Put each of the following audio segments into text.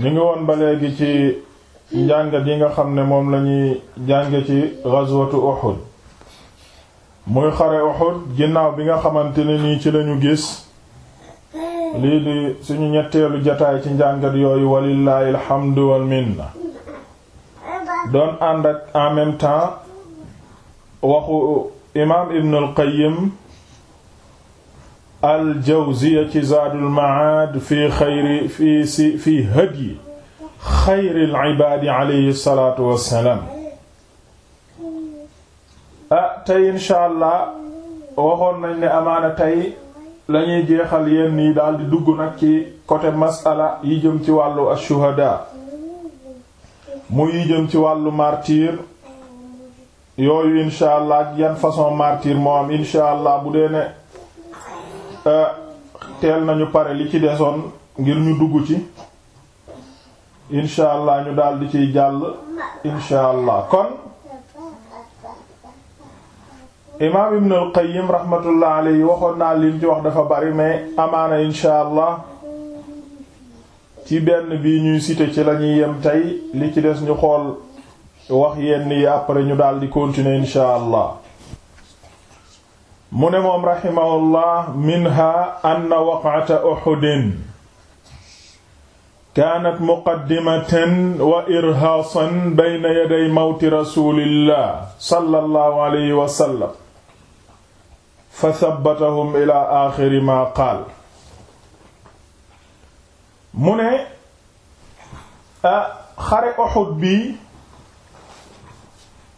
ñu ngi woon ba léegi ci njàngat yi nga xam ne moom lañuy jànge ci ghazwatu Uhud muy xare Uhud ginnaaw bi nga xamante ne nii ci lañu gis lii di suñu ñetteelu jataay ci njàngat yooyu walillaahi alhamdu wal minna doon ànd ak en même temps waxu imaam Ibn al al-Jawziyya ci Zaadul Ma'aad fi xayri fi si fi hadyi xayril ibaadi alayhi salaatu wa salaam. Ah, ne amaana tey la ñuy jeexal yenn daal di dugg nag ci côté mas'ala yi jëm ci wàllu ashuhadaa mu yi jëm ci wàllu martyr. yooyu incha allah yan façon martyr moo am allah bu dee teel nañu pare li ci desoon ngir ñu dugg ci incha allah ñu daal di ciy jàll incha allah kon imaam Ibn al-Qayyim rahmatullah yi waxoon naa liñ ci wax dafa bari mais amaana incha allah ci benn bi ñuy cité ci la ñuy yem tey li ci des ñu xool wax yenn yi après ñu daal di continuer incha allah. mu ne moom raximahullah minha anna waqata uxudin kaanat muqaddimatan wa irhaasan bayna yaday mawti rasulillah sallallahu alayhi wa sallam fa thabbatahum ila axiri ma qaal mu ne xare Uhud bi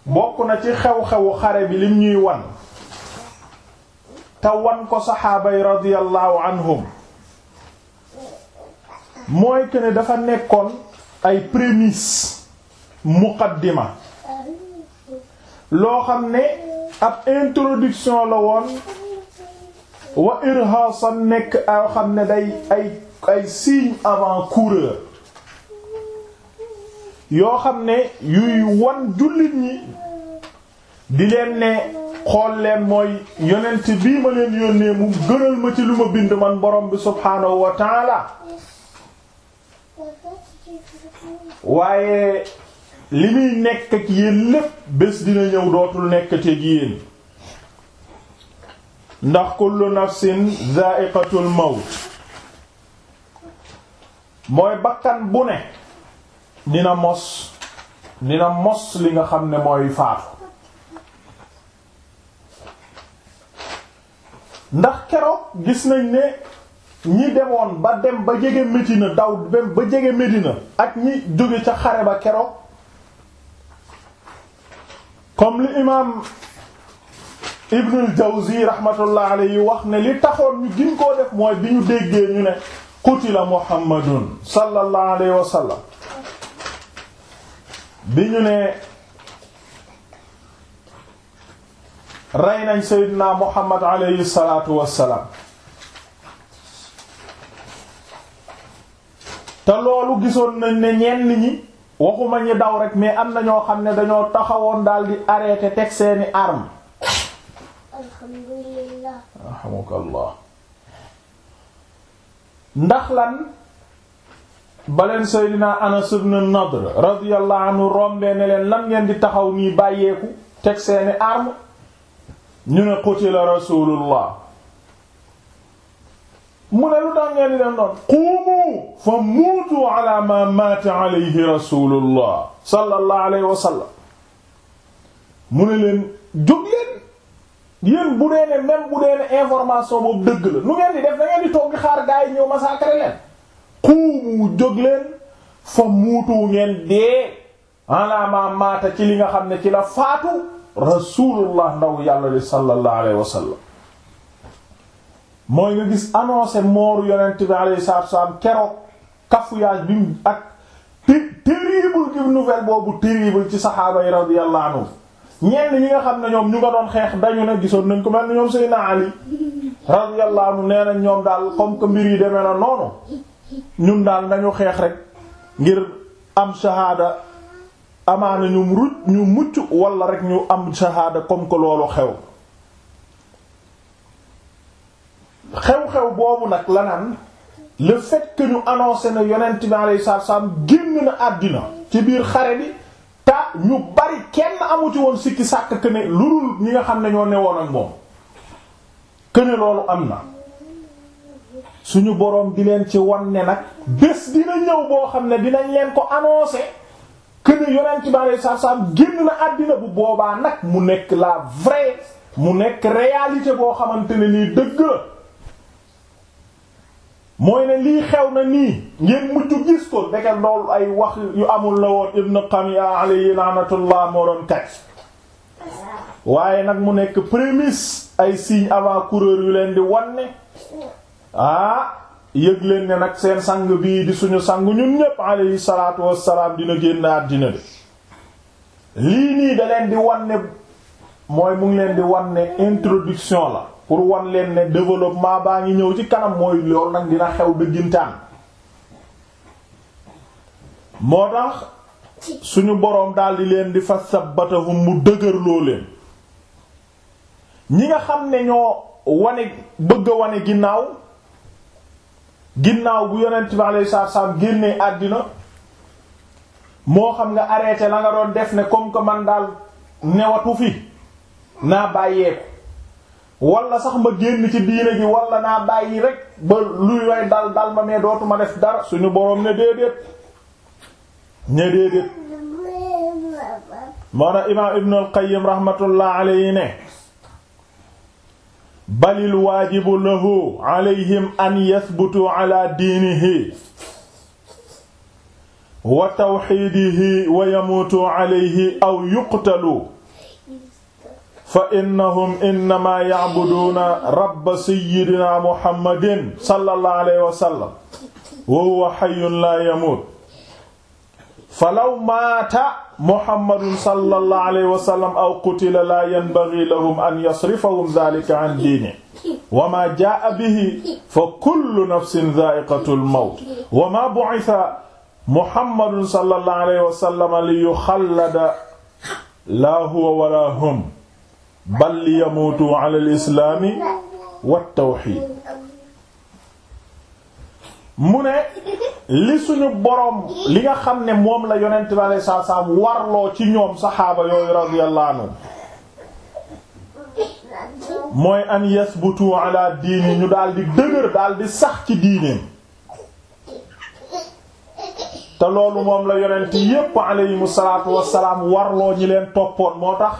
bokk na ci xew-xewu xare bi lim ñuy wan te wan ko saxaaba yi radiyallahu anhum mooy que ne dafa nekkoon ay prémices muqaddima loo xam ne ab introduction la woon wa irhaasan nekk ay xam ne day ay ay signe avant-coureur yoo xam ne yuy wan jullit ñi di ne xool leen mooy yonent bii ma leen yónnee mu gënal ma ci lu ma bind man borom bi subhaanahu wa taala waaye li muy nekk ak yéen lépp bés dina ñëw dootul nekk te gi ndax kullu nafsin dha'iqatul mawt mooy bakkan bu ne dina mos dina mos li nga xam ne mooy faatu ndax kero gis nañ ne ñi demoon ba dem ba jege Médina daw dem ba jege Médina ak ñi jóge ca xare ba keroog comme li imaam Ibnul Jawzi rahmatullah alayhi wax ne li taxoon ñu gin koo def mooy bi ñu déggee ñu ne qutila Muhammadun sallallahu alayhi wa sallam bi ñu ne rey nañ seydina muhammad aleyhi salaatu wassalaam te loolu gisoon nañ ne ñenn ñi waxuma ñi daw rek mais am na ñoo xam ne dañoo taxawoon daal di arrêté teg seeni arm alhamdulillah alhamdulillah ndax lan baleen seydina anas ibn nadr radiyallahu anhu rombee ne leen lan ngeen di taxaw nii bàyyeeku teg seeni arme ñu ne qutila rasulullah mu ne lu tax ngeen di dem doon quumu fa muutu ala ma maata alayhi rasulullah sallallahu alayhi wa mu ne leen jóg leen yéen bu dee ne même bu dee ne information boobu dëgg la lu ngeen di def da ngeen di toog xaar gaa yi ñëw massacrer leen quumu jóg leen fa muutu ngeen dee ala ma maata ci li nga xam ne ci la faatu rasulullah ndaw yàlla li sallallahu alayhi wa sallam mooy nga gis annoncé mooru yonent bi alayhi salaatu wasallam keroog cafouillage bi ak terrible gi nouvelle boobu terrible ci saxaaba yi radiyallahu anhu ñenn ñi nga xam ne ñoom ñu nga doon xeex dañu ne gisoon nañ ko mel ni ñoom Seydina Ali radiyallahu anhu nee nañ ñoom daal comme que mbir yi demee na noonu ñun daal nañu xeex rek ngir am shahada amaana ñu ruj ñu mucc wala rek ñu am shahaada comme que loolu xew xew-xew boobu nag lanaan le fait que ñu annoncé na yonent bi alayhi salaatu salaam génn na àddina ci biir xare bi ta ñu bari kenn amu ci woon sikki sàkk que ne lu dul ñi nga xam ne ñoo newoon ak moom que loolu am na suñu boroom di leen ci wan ne nag bés dina ñëw boo xam ne dinañ leen ko annoncé këne yonent ba alei satu salaam génn na àddina bu boobaa nag mu nekk la vraie mu nekk réalité boo xamante ne nii dëgg la mooy ne lii xew na nii ngeen mujj gis ko deke lool ay wax yu amul la woon ibn Qami'a alayhi laanatullah moo doon kaj waaye nag mu nekk prémisse ay signe avant-coureur yu leen di wanne ah yëg leen ne nag seen sang bii di suñu sang ñun ñépp alayhi salaatu wassalaam dina génn àddina de lii nii da leen di wan ne mooy mu ngi leen di wan ne introduction la pour wan leen ne développement baa ngi ñëw ci kanam mooy lool nag dina xew dëggintaan moo tax suñu boroom daldi leen di fas fa sabbatahum mu dëgërloo leen ñi nga xam ne ñoo wane bëgg a wane ginnaaw ginnaaw bu yonent bi alayhi salaatu salaam génnee àddina moo xam nga arrêté la nga doon def ne comme que man daal newatu fi naa bàyyeeku wala sax ma génn ci diine gi walla naa bàyyi rek ba luy way dal dal ma mais dootuma def dara suñu boroom ne déedéet ne déedéet moo na imaam Ibn al-Qayyim rahmatullah ne balil waajibu lahu alayhim an yasbutu ala diinihi wa tawxiidihi wa yamuutu alayhi aw yuqtalu fa innahum innamaa yacbuduuna rabba sayyidina muhammadin sallallahu alayhi wa sallam wa huwa hayyun laa yamuut falaw maata muhammadun sallallahu alayhi wa sallam aw qutila laa yanbaghi lahum an yasrifahum dhalika an diini wa maa jaa'a bihi fa kullu nafsin dhaa'iqatul mawt wa maa bu'itha muhammadun sallallahu alayhi wa sallam li yukhallada laa huwa wa laa hum bal liyamuutu ala al-islaami wat-tawhiid mu ne li suñu boroom li nga xam ne moom la yonent bi alayhi salaatu salaam warloo ci ñoom saxaaba yooyu radiyallahu anhu mooy an yasbutu ala diini ñu daal di dëgër daal sax ci diineem te loolu moom la yonent yépp alayhimu salaatu wassalaam warloo ñi leen toppoon moo tax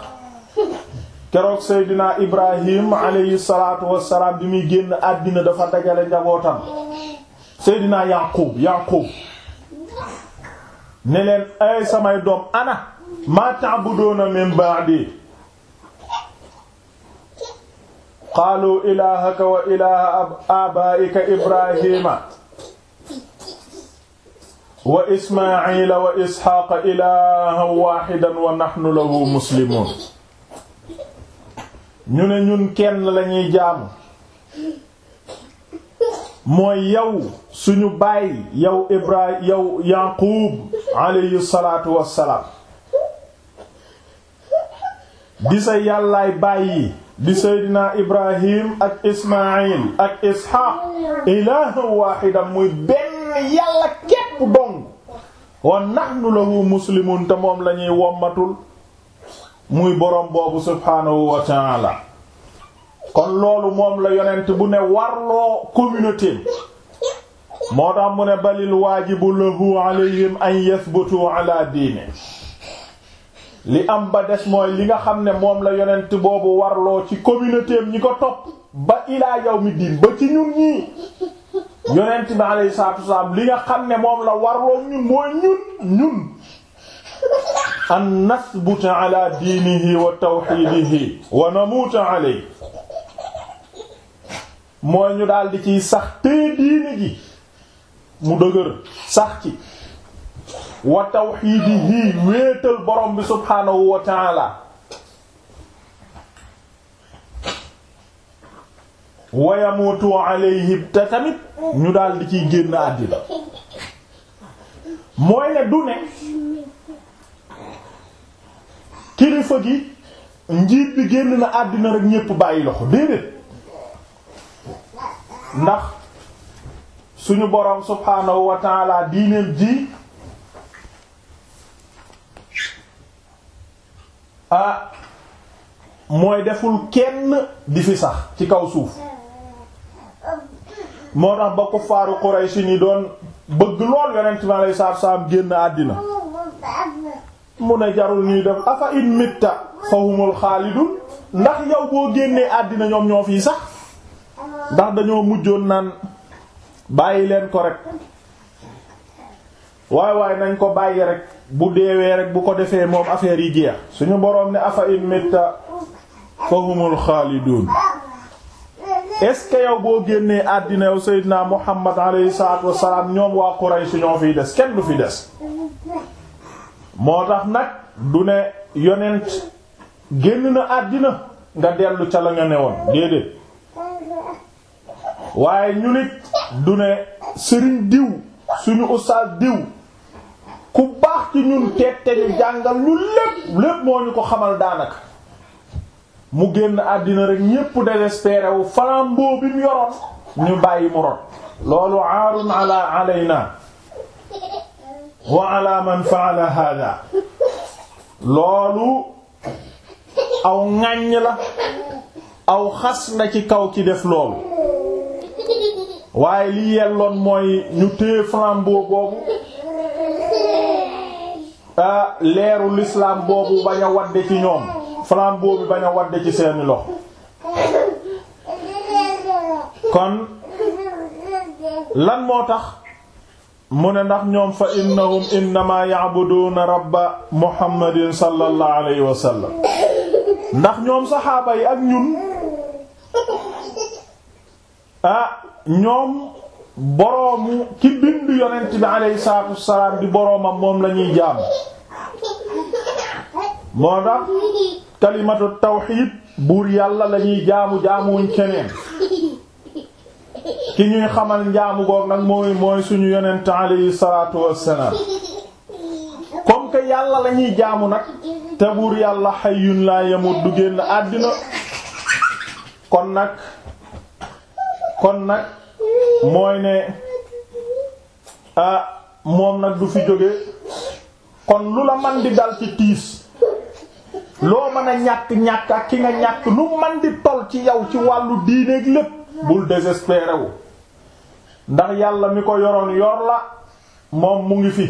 keroog Seydina Ibrahim alayhi salaatu wassalaam bi muy génn àddina dafa dajale njabootam Seydina Yaqub Yaqub ne leen ay samay doom ana ma ta'buduna min ba'di qaalu ilaahaka wa ilaaha abaa'ika Ibrahima wa Ismaa'iila wa Isxaaqa ilaahan waahidan wa nahnu lahu muslimuun ñu ne ñun kenn lañuy jaamu mooy yow suñu baay yow Ibrahim yow Yaqub alayhi salaatu wassalaam di sa yàllaay baay yi di seydina ak Ismaayil ak Isxaaq ilaaha waaxidan muy benn yàlla képp dong wa nahnu lahu muslimun te moom lañuy wommatul muy boroom boobu subhaanahu wa ta'ala kon loolu moom la yonent bu ne warloo communauté moo tax mu ne balil waajibu lahu alayhim an yathbutu ala diine li am ba des mooy li nga xam ne moom la yonent boobu warloo ci communauté ñi ko topp ba ilaa yawmi diin ba ci ñun ñii yonent bi alayhi salaatu wasalaam li nga xam ne moom la warloo ñun mooy ñun ñun an nasbuta ala diinihi wa tawxiidihi wa namuuta alayhi mooy ñu daldi di ciy sax tee diine ji mu dëgër sax ci wa tawxiidihi wéetal borom bi subhaanahu wa taala wa te tamit ñu daldi di ciy génn àddina mooy ne du ne kilifa gi njiit bi génn na àddina rek ñépp bàyyi loxo déedéet ndax suñu boroom subhaanahu wa taala diineem ji ah mooy deful kenn di fi sax ci kaw suuf moo tax ba kuffaaru Quraysh ni doon bëgg lool yonent mi alayhi salaatu génn àddina mu ne jarul ñuy def afa in mitta fa humul ndax yow boo génnee àddina ñoom ñoo fii sax ndax dañoo mujjoon naan bàyyi leen ko rek waay waay nañ ko bàyyi rek bu deewee rek bu ko defee moom affaire yi jeex suñu boroom ne afa in mitta fahumul xaalidun est-ce que yow boo génnee àddina yow Seydina Muhammad alayhi salaatu wassalaam ñoom waa Quraysh ñoo fiy des kenn du fi des moo tax nag du ne yonent génn na àddina nga dellu ca la ne woon déedéet waaye ñu nit du ne sëriñ diw suñu ustaas diw ku baax ci ñun teet ñu jàngal lu lépp lépp moo ñu ko xamal daanaka mu génn àddina rekk ñépp désespéré wu flambeau bi mu yoroon ñu bàyyi mu rot loolu aarun ala alayna wa ala man fa'ala hada loolu aw ŋàññ la aw xas na ci kaw ci def loolu waaye li yelloon mooy ñu téye flambeau boobu ah, leeru lislaam boobu bañ a wadde ci ñoom flambeau boobu bañ a wadde ci seeni loxo kon lan moo tax mu ne ndax ñoom fa innahum innama ya'buduna rabba muhammadin sallallahu alayhi wa sallam ndax ñoom saxaaba yi ak ñun ah ñoom boroomu ki bind yonent bi aleyhi salaatu wassalaam boroomam moom la ñuy jaam moo tax kalimatu tawxiid buur yàlla lañuy ñuy jaamu jaamuwuñ keneen ki ñuy xamal njaamu goog nag mooy mooy suñu yonent aleyhi salaatu wassalaam comme yàlla la jaamu nag te buur yàlla xayyun laa yamut du génn àddina kon nag kon nag mooy ne ah moom nag du fi jóge kon lu la man di dal ci tiis loo mën a ñàkk-ñàkk ak ki nga ñàkk lu man di tol ci yow ci wàllu diineeg lépp bul désespéré wu ndax yàlla mi ko yoroon yor la moom mu ngi fi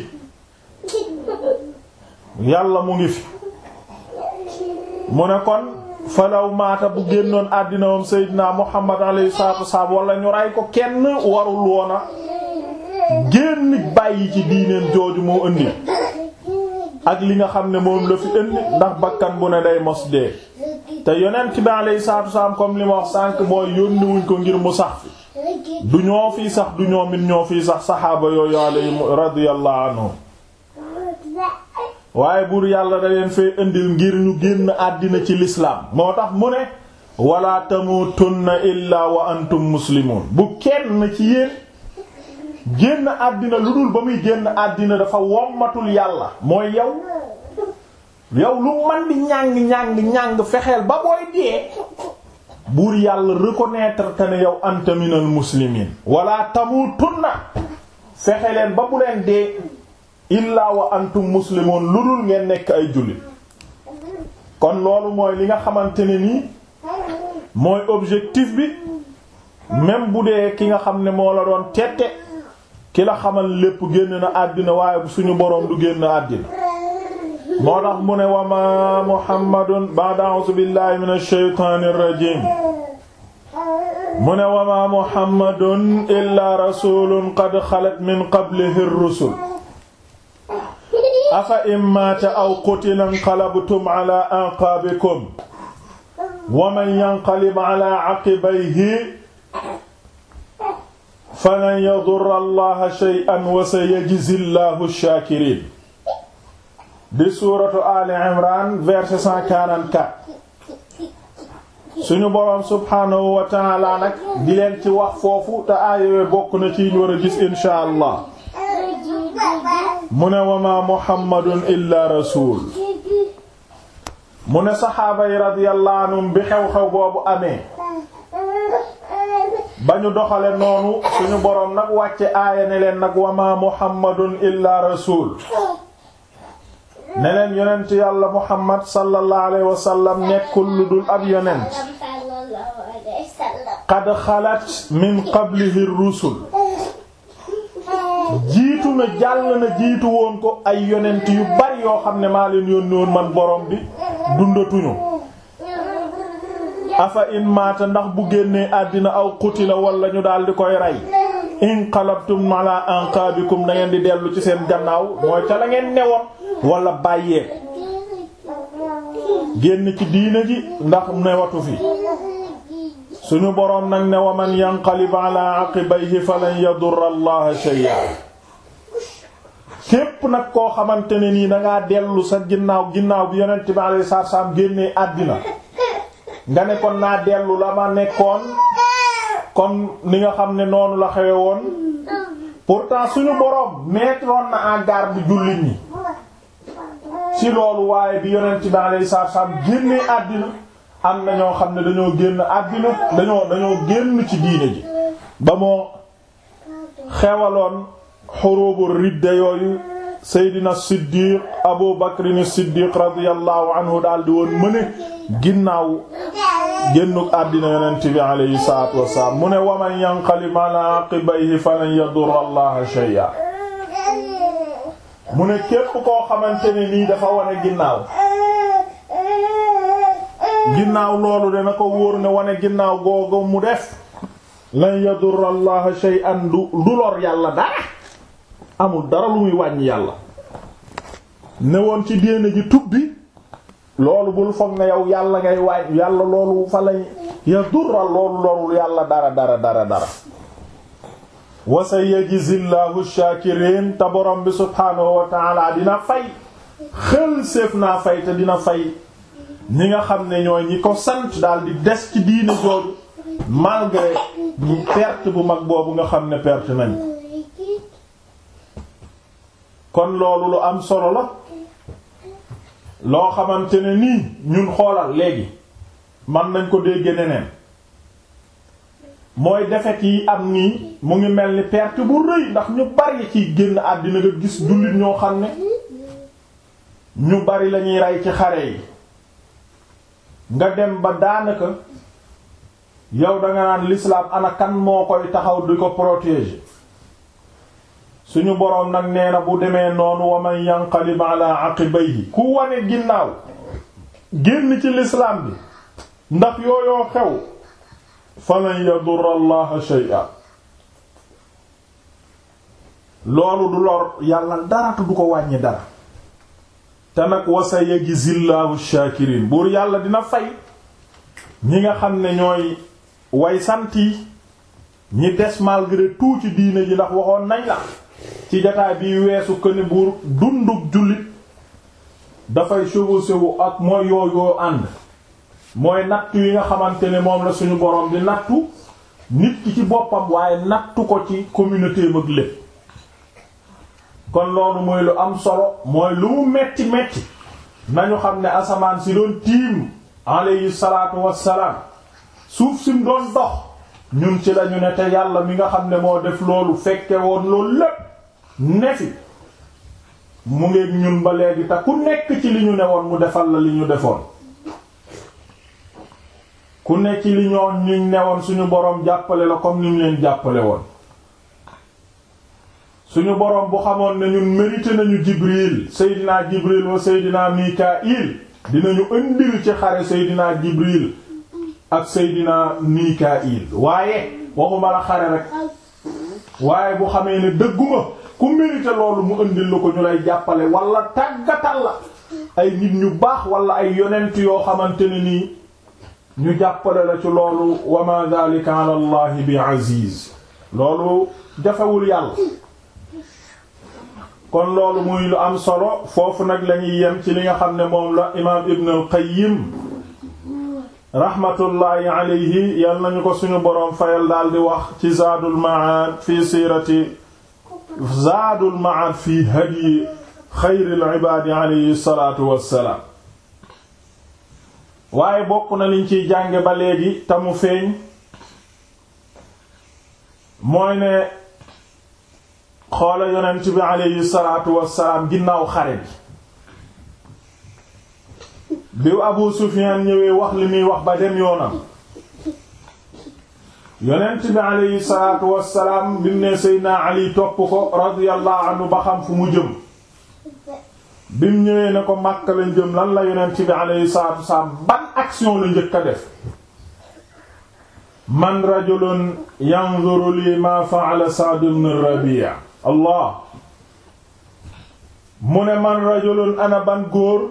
yàlla mu ngi fi mu ne kon falaw maata bu génnoon àddina moom Seydina Muhammad alayhi salaatu wassalaam wala ñu rey ko kenn warul woona génn bàyyi ci diineen jooju moo indi ak li nga xam ne moom la fi indi ndax bàkkan bu ne day mos dee te yonent bi alayhi salaatu wassalaam comme li ma wax sànq mooy yónniwuñ ko ngir mu sax fi du ñoo fii sax du ñoom it ñoo fii sax saxaaba yooyu alayhi radiyallahu anhu waaye buur yàlla da leen fay indil ngir ñu génn àddina ci lislaam moo tax mu ne wala tamuutunna illaa wa antum muslimun bu kenn ci yéen génn àddina lu dul ba muy génn àddina dafa wommatul yàlla mooy yow yow lu man di ñàng-ñàng-ñàng fexeel ba booy dee buur yàlla reconnaître que ne yow anta minal muslimin wala tamuutunna fexe ba bu leen dee illaa wa antum muslimun lu dul ngeen nekk ay jullit kon loolu mooy li nga xamante ni nii mooy objectif bi même bu dee ki nga xam ne moo la doon tette ki la xamal lépp génn na àddina waaye suñu boroom du génn àddina moo tax mu ne wama muhammadun ba'da a'uuzu billahi minash shaytaanir mu ne wama muhammadun illaa rasuulun qad xalat min qablihi ar-rusul afa immaata aw qutila inqalabtum ala anqaabikum wa man yanqalib ala aqibayhi falan yadurra allaha shay'an wa sayajzi llahu shaakiriin di suuratu ali imran verset 144 suñu boroom subhaanahu wa taala nag di leen ci wax foofu te aayowee bokk na ci ñu war a gis inshaa allah mu ne wamaa mu ne saxaaba yi radiyallahu bi xew-xew boobu amee ba ñu doxale noonu suñu boroom nag wàcce aaya ne leen nag wamaa muhammadun illa rasul ne leen yonent yàlla muhammad sallallahu alayhi wa sallam nekkul lu dul ab yonent qad xalat min qablihi rusul jiitu na jàll na jiitu woon ko ay yonent yu bari yoo xam ne maa leen yónni woon man borom bi dundatuñu afa in maata ndax bu génnee àddina aw qutila wala ñu daal di koy rey inqalabtum ala anqabikum na di dellu ci seen gannaaw mooy ca la ngeen newoon wala bàyyeeku génn ci diina ji ndax newatu fi suñu boroom nag ne waman yanqalib ala aqibayhi falan yadurra allaha shay'a képp nag koo xamante ne nii dangaa dellu sa ginnaaw ginnaaw bi yonent bi alayhi salaam génnee àddina nga ne kon naa dellu la ma nekkoon kon ni nga xam ne noonu la xewe woon pourtant suñu boroom mettoon na en bi jullit ñi ci loolu waaye bi yonent bi alayhi salaam génnee àddina am na ñoo xam ne dañoo génn àddina dañoo dañoo génn ci diine ji ba moo xewaloon xurubu ridda yooyu seydina siddiq abu bakrin siddiq radiallahu anhu woon mëne ginnaaw génnuk àddina yonent bi alayhi salaatu wasalaam mu ne waman yanqalib ala aqibayhi falan yadurra allaha shay'a mu ne képp koo xamante ne nii dafa wane ginnaaw ginnaaw loolu dana ko wóor ne wane ginnaaw googu mu def lan yadurra allaha du lor yàlla dara amul dara lu muy wàññi yàlla ne woon ci diine ji tubbi loolu bul foog ne yow yàlla ngay wàññi yàlla loolu fa lañ ya loolu loolu yàlla dara dara dara dara wa sayajizillahu shakirin te borom bi subhaanahu wa dina fay xël séef naa fay te dina fay ñi nga xam ne ñooy ñi ko sant daldi des ci diine jooju malgré perte bu mag boobu nga xam ne perte nañ kon loolu lu am solo la loo xamante ne nii ñun xoolal léegi man nañ ko dégg neneen mooy defet yi am nii mu ngi mel ni perte bu rëy ndax ñu bari ci génn àddina nga gis jullit ñoo xam ne ñu bari lañuy rey ci xare yi nga dem ba daanaka yow danga naan lislaam ana kan moo koy taxaw di ko protége suñu boroom nag nee na bu demee noonu wa man yanqalib ala aqibayhi ku wane ginnaaw génn ci lislaam bi ndax yooyoo xew falan yadur allaha shay'a loolu du lor yàlla dara te du ko wàññi dara te nag wasa yajzillahu shakirin buur yàlla dina fay ñi nga xam ne ñooy way sant yi ñi des malgré tout ci diine ji ndax waxoon nañ la ci jataay bii weesu këni buur dundug jullit dafay chevauché wu ak mooy yooyoo ànd mooy nattu yi nga xamante ne moom la suñu borom di nattu nit ki ci boppam waaye nattu ko ci communauté mag lépp kon loolu mooy lu am solo mooy lu mu metti metti nañu xam ne asamaan si doon tiim alayhi salaatu wassalaam suuf si mu doon dox ñun ci lañu ne te yàlla mi nga xam ne moo def loolu fekke woon loolu lépp ne fi mu ngeeg ñun ba léegi te ku nekk ci li ñu newoon mu defal la li ñu defoon ku ne ci li ñoon ñu newoon suñu boroom jàppale la comme ni ñu leen jàppale woon suñu boroom bu xamoon ne ñun mérité nañu Jibril Seydina Jibril wa Seydina Mikail dinañu indil ci xare Seydina Jibril ak Seydina Mikail waaye waxuma la xare rek waaye bu xamee ne dëgguma ku mérite loolu mu indil la ko ñu lay jàppale wala tàggatal la ay nit ñu baax wala ay yonent yoo xamante ne nii ñu jàppale la ci loolu wa ma dhalika ala allahi bi aziz loolu jafewul yàlla kon loolu muy lu am solo foofu nag lañuy ñuy yem ci li nga xam ne moom la imaam ibn al qayyim rahmatullahi alayhi yal nañu ko suñu boroom fayal daal di wax ci zaadul ma'aad fi siirati zaadul ma'aad fi yi xayril ibaadi alayhi salaatu wassalaam waaye bokk na liñ ciy jànge ba léegi te mu feeñ mooy ne xoola yonent bi alayhi salaatu wassalaam ginnaaw xare bi bi Abu Sufyaan ñëwee wax li muy wax ba dem yoonam yonent bi aleyhi salaatu wassalaam bi mu ne Seydina Ali topp ko radiyallahu anhu ba xam fu mu jëm bi mu ne ko Makka lañ jëm lan la yonent bi aleyhi salaatu wassalaam ban action la njëkk a def man rajulun yanzuru li ma fa'ala Sa'd ibn Rabi'a Allah mu ne man rajulun ana ban góor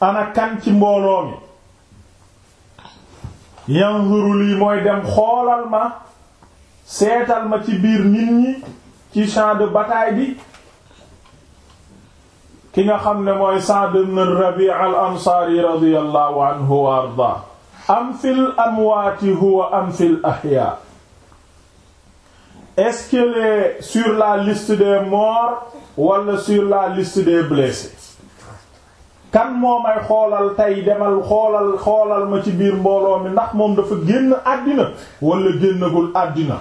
ana kan ci mbooloo mi yanzuru lii mooy dem xoolal ma seetal ma ci biir nit ñi ci champ de bi ki nga xam ne mooy Sa'd ibn Rabi' al-Ansari radiyallahu anhu wa ardaa am fil amwaati huwa am fil ahyaa est-ce sur la liste des morts wala sur la liste des blessés kan moo may xoolal tey demal xoolal xoolal ma ci biir mbooloo mi ndax moom dafa génn àddina wala génnagul àddina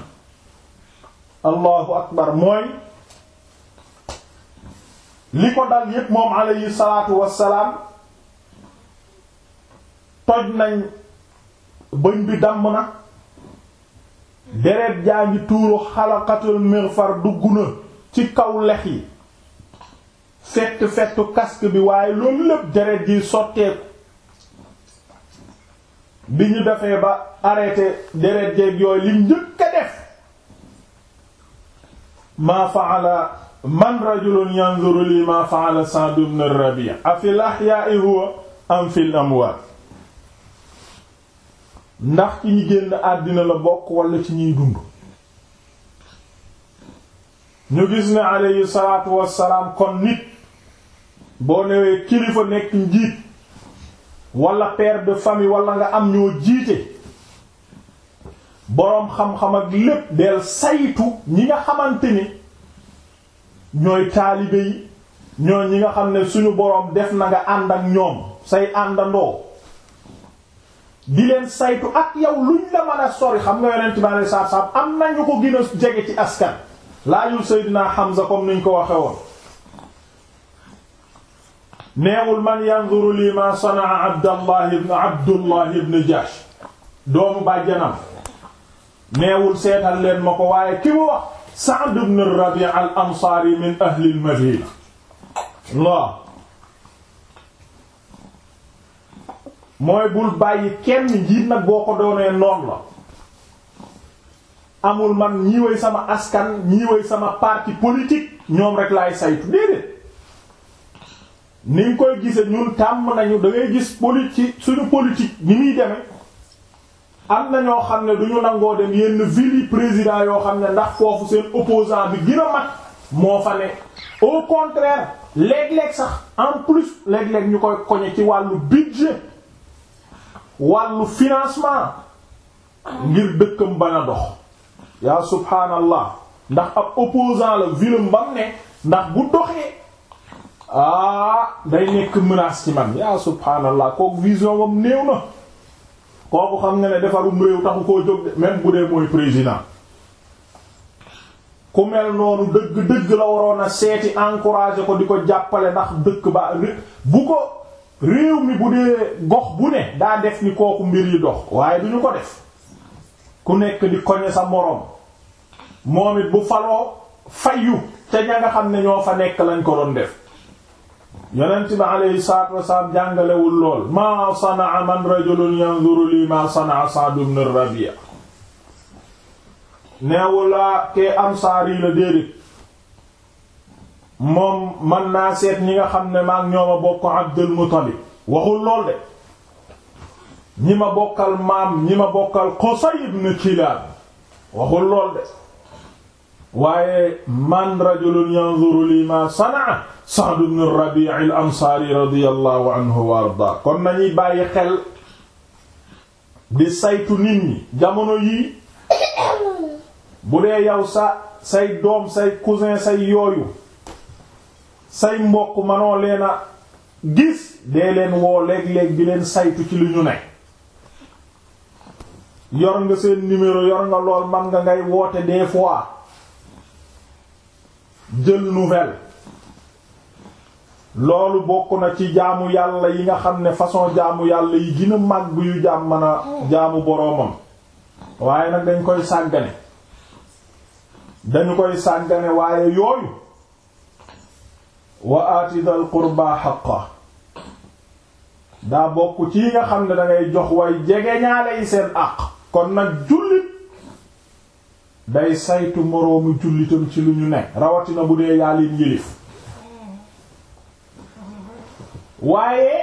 allahu akbar mooy li ko dal yépp moom alayhi salaatu wassalaam toj nañ bëñ bi damm na deret jaa ngi tuuru xalaqatul mighfar dugg na ci kaw lex yi fett fettu casque bi waaye loolu lépp deret ji sotteeku bi ñu defee ba arrêté deret jeeg yooyu li njëkk a def maa faala man rajulun yanzuru li maa faala Sa'd ibn Rabi' afil ahya'i huwa am fil amwaat ndax ci ñi génn àddina la bokk walla ci ñuy dund ñu gis ne alayhi salaatu wassalaam kon nit boo newee kilifa nekk njiit wala per de famille walla nga am ñoo jiite boroom xam-xam ak lépp del saytu ñi nga xamante ni ñooy taalibe yi ñooy ñi nga xam ne suñu boroom def na nga ànd ak ñoom say àndandoo di leen saytu ak yow luñ la mën a sori xam nga yonent bi alei satu am nañu ko gën a jege ci askan laajul Seydina Hamza comme niñ ko waxe woon neewul man yanzuru lii ma sanaa abdallah ibn abdullah ibn jahsh doomu bàjjanam neewul seetal leen ma ko waaye ki mu wax sa'd ibn rabi' al ansaari min ahli al madina laa mooy bul bàyyi kenn njiit nag boo ko doonee noon la amul man ñii way sama askan ñii way sama parti politique ñoom rek lay saytu déedéet ni nga koy gise ñun tàmm nañu da ngay gis politique suñu politique ni muy deme am na ñoo xam ne du ñu nangoo dem yenn villes yi président yoo xam ne ndax foofu seen opposant bi gën mag moo fa ne au contraire léeg-léeg sax en plus léeg-léeg ñu koy koñe ci wàllu budget wàllu financement ngir dëkkam bana dox yaa subhaanallah ndax ab opposant la ville mbam ne ndax bu doxee ah day nekk menace ci man yaa subhaanallah kooku vision moom néew na kooku xam nga ne defarum réew taxu koo jóg même bu dee mooy président ku mel noonu dëgg-dëgg la waroon a seeti encourager ko di ko jàppale ndax dëkk ba bu ko réew mi bu dee gox bu ne daa def ni kooku mbir yi dox waaye du ñu ko def ku nekk di koñe sa moroom moom it bu faloo fayu te ña nga xam ne ñoo fa nekk lañ ko doon def yonent bi alayhi salaatu wasalaam jàngalewul lool maa sanaa man rajulun yanzuru lii maa sanaa Sa'd ibn Rabi'a neewulaa kee ansaari la déedéet moom man naa seet ñi nga xam ne maag ñoo ma bokk Abdul Muttalib waxul lool de ñi ma bokkal maam ñi ma bokkal Qusay ibn Kilaab waxul lool de waaye man rajulun yanzuru li ma sanaa Sa'd ibn Rabi' al-Ansari radiyallahu anhu wa ardaa kon nañuy bàyyi xel di saytu nit ñi jamono yii bu dee yow sa say doom say cousin say yooyu say mbokk manoo leen a gis dee leen woo léeg-léeg di leen saytu ci li ñu ne yor nga seen numéro yor nga lool man nga ngay woote des fois jël nouvelle loolu bokk na ci jaamu yàlla yi nga xam ne façon jaamu yàlla yi gën a màgg yu jaam mën a jaamu boroomam waaye nag dañ koy sàggane dañu koy sàggane waaye yooyu wa aati dal qurba xaqa daa bokk ci yi nga xam ne dangay jox way jege ñaale yi seen àq kon nag jullit day saytu moroomu jullitam ci lu ñu nekk rawatina bu dee yàlla leen yilif waaye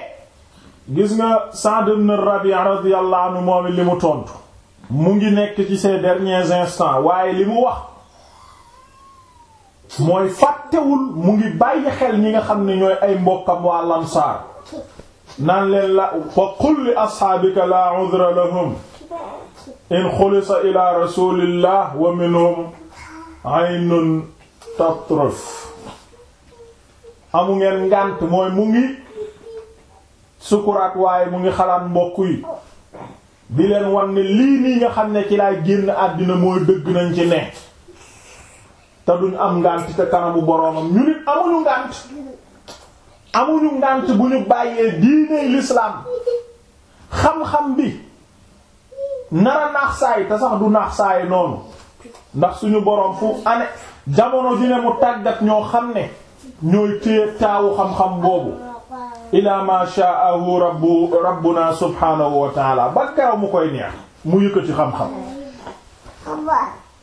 gis nga Sa'd ibn Rabi'a radiyallahu anhu moom li mu tontu mu ngi nekk ci ses derniers instants waaye li mu wax mooy fàttewul mu ngi bàyyi xel ñi nga xam ne ñooy ay mbokkam waa Ansaar naan leen la fa qul li ashaabika la 'udra in xulisa ila rasulillah wa minhum aynun tatruf amu ngeen ngànt mooy mu ngi sukuraat waaye mu ngi xalaat mbokk yi di leen wan ne lii nii nga xam ne ci laay génn àddina mooy dëgg nañ ci ne te duñ am ngànt te kanamu boroomam ñu nit amuñu ngànt amuñu ngànt bu ñu bàyyee diiney lislaam xam-xam bi nara naax saay te sax du naax saay noonu ndax suñu borom fu ane jamono ji ne mu tàggat ñoo xam ne ñooy téye taawu xam-xam boobu ila ma sha'ahu rabbu rabbuna subhanahu wa ta'ala ba garaw mu koy neex mu yëkkati xam-xam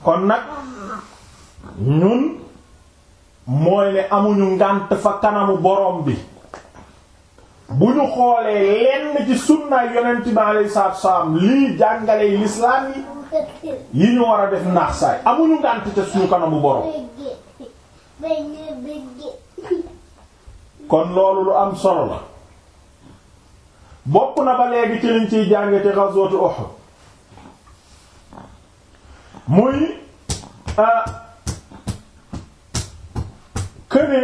kon nag ñun mooy ne amuñu ngànt fa kanamu borom bi bu ñu xoolee lenn ci sunnaay yonent bi alayhi salaatu lii jàngale yi lislaam yi yi ñu war a def naax saay amuñu ngànt ca suñu mu borom kon loolu lu am solo la bokk na ba léegi ci liñ ciy jànge ci ghazwatu Uhud muy këne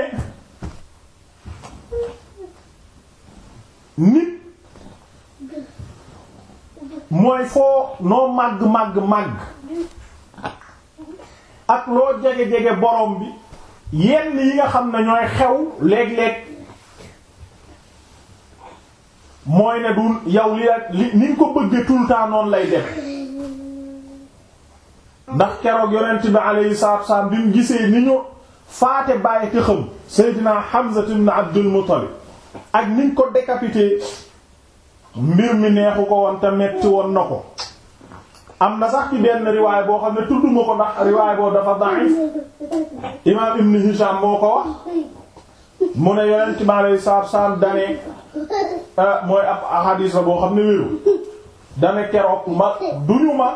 nit mooy foo noo màgg màgg màgg ak loo jege jege borom bi yenn yi nga xam ne ñooy xew léeg-léeg mooy ne du yaw li li ni ko bëggee tout lay def ndax keroog yonent bi alayhi salaatu wasallam bi mu gisee ni ñu faate bàyyi te xam Seydina Hamza ibn Abdul Muttalib ak niñ ko décapité mbir mi neexu ko woon te metti woon na ko am na sax ci benn riwaay boo xam ne tudduma ko ndax riwaay boo dafa da'if imaam ibn Hisham moo ko wax mu ne yonent mi alayhi salaatu salaam ah, mooy ab ahadis la boo xam ne wéru dane keroog ma duñu ma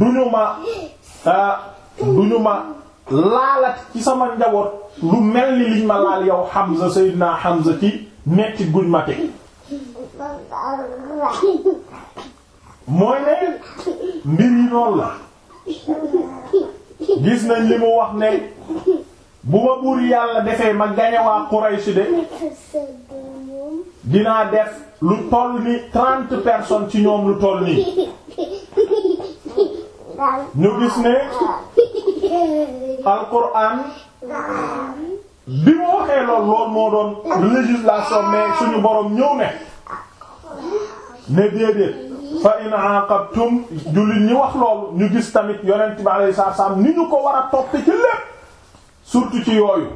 duñu ma ah, duñu ma laalat ci sama njaboot lu mel ni liñ ma laal yow Hamza Seydina Hamza ci metti guñ ma mooy ne mbir yi la gis nañ li mu wax ne bu ma buur yàlla defee ma gañe waa Quraysh de dinaa def lu toll ni trente personnes ci ñoom lu toll nii ñu gis ne alquran bi mu waxee lool lool moo doon législation mais suñu boroom ñëw ne ne déedéet fa in aqabtum jullit ñi wax loolu ñu gis tamit yonent bi alayhi salaam ni ñu ko war a topp ci lépp surtout ci yooyu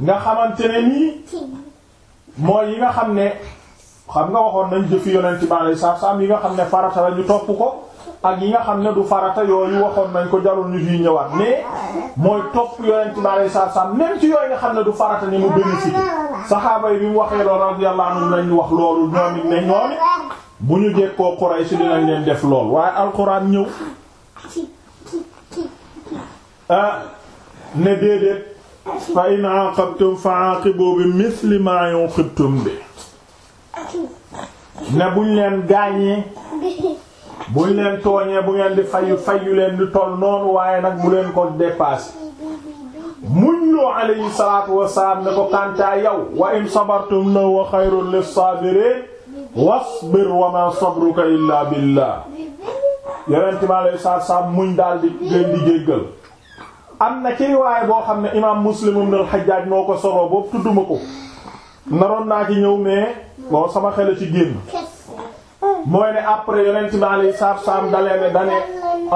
nga xamante ne nii mooy yi nga xam ne xam nga waxoon nañ jëfi yonent bi alayhi yi nga xam ne farata la ñu topp ko ak yi nga xam ne du farata yooyu waxoon nañ ko jarul ñu ñëwaat mais mooy topp yonent yooyu nga xam ne du farata ni mu bénéfice saxaaba yi bi mu waxee loolu radiyallahu anhum lañ wax loolu ñoom it ne ñoom it bu ñu jekkoo Quraysh si dinañ leen def lool waaye alxuraan ñëw ah, ne déedéet fa in aqabtum fa aqibu bi misli ma yuqibtum bi ne buñ leen gaañee buñ leen tooñee bu ngeen di fayu fayu leen di toll noonu waaye nag mu leen ko dépassé muñ loo alayhi salaatu wasalaam ne ko kantaa yow wa in sabartum la wa xayrun lis-saabiriin wasbir wa ma sabruka illaa billah yonent bi alayhi salaatu wasalaam muñ daal di leen di jéggal am na ci riwaay boo xam ne imaam Muslim ibn al-Hajjaaj ko solo boobu tudduma ko naroon naa ci ñëw mais bon sama xel ci génn mooy ne après yonent bi alayhi salaatu salaam dalee ne dane